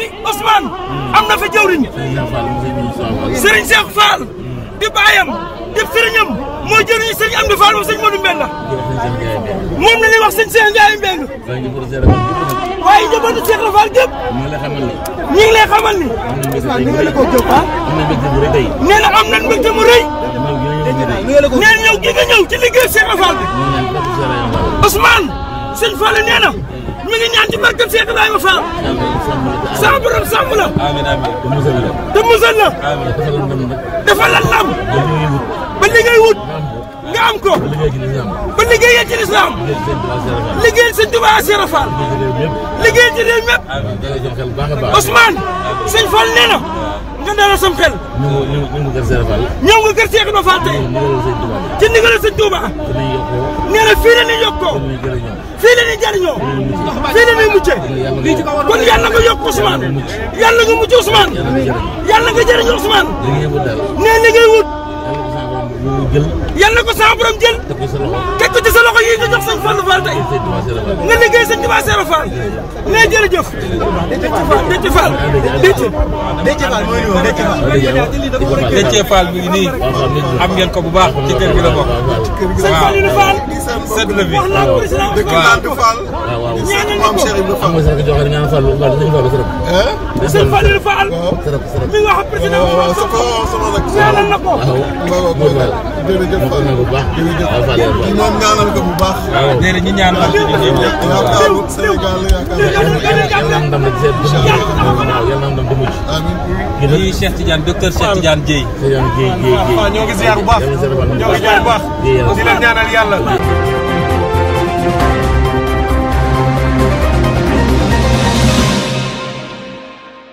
ni Ousmane am na fa jëwriñ Serigne Cheikh Fall di baayam di sëriñam mooy jëriñu Serigne Amdi Fall moom sëñ Modou Mbengue moom la ñuy wax sëñ Cheikh Ndiaye Mbengue waaye njabootu Cheikh la Fall gépp ñu ngi lay xamal ni ah? nee am nañ mbégte mu rëy nee na ñëw gi ci liggéey Cheikh la Fall sëñ Fallou nee na mi ngi ñaan ci barkam Cheikh Ibrahima Fall. sama borom sàmm la. amiin amiin te musal la. te musal la. amiin dafa lan lam ba li ngay wut nga am ko. ba liggéeyee ci lislaam. liggéeyal sëñ Tuubaa Cheikh Fall. liggéeyal ci réew mépp. Ousmane. sëñ Fall nee na. nga dalal sam xel. ñëw nga kër Cheikh Fall. ñëw nga kër Cheikh Ibrahima Fall tey. ci ndigalal sëñ Tuubaa. nee na fii la ñu yokkoo. fii la ñuy jariñoo fii la ñuy mucce kon yàlla nga yokk Ousmane yàlla nga mucc Ousmane yàlla nga jariñoo Ousmane nee na ngay wut yàlla ko sa borom Fallou Fall tey nga liggéey sëñ Tuubaa Seero Fall nee jërëjëf Déthié Fall Déthié Fall Déthié Fall bi nii am ngeen ko bu baax ci kër gi la bokk waaw sët la bi waaw ñaanal ko sëñ Fallou Fall mi nga xam président ñaanal na ko jërëjëf Fall bu baax jërëjëf di moom ñaanal ko bu baax. waaw déedéet ñu ñaan ak ñun ñëpp. waaw waaw Sénégal la yaakaar naa ndam la seet yàlla ndam di mujj. amiin lii Cheikh Tidiane docteur Cheikh Tidiane Dieye. Cheikh Tidiane Dieye Dieye Dieye. waaw ñoo ngi ziar bu baax ñoo ngi ziar bu baax di leen ñaanal yàlla.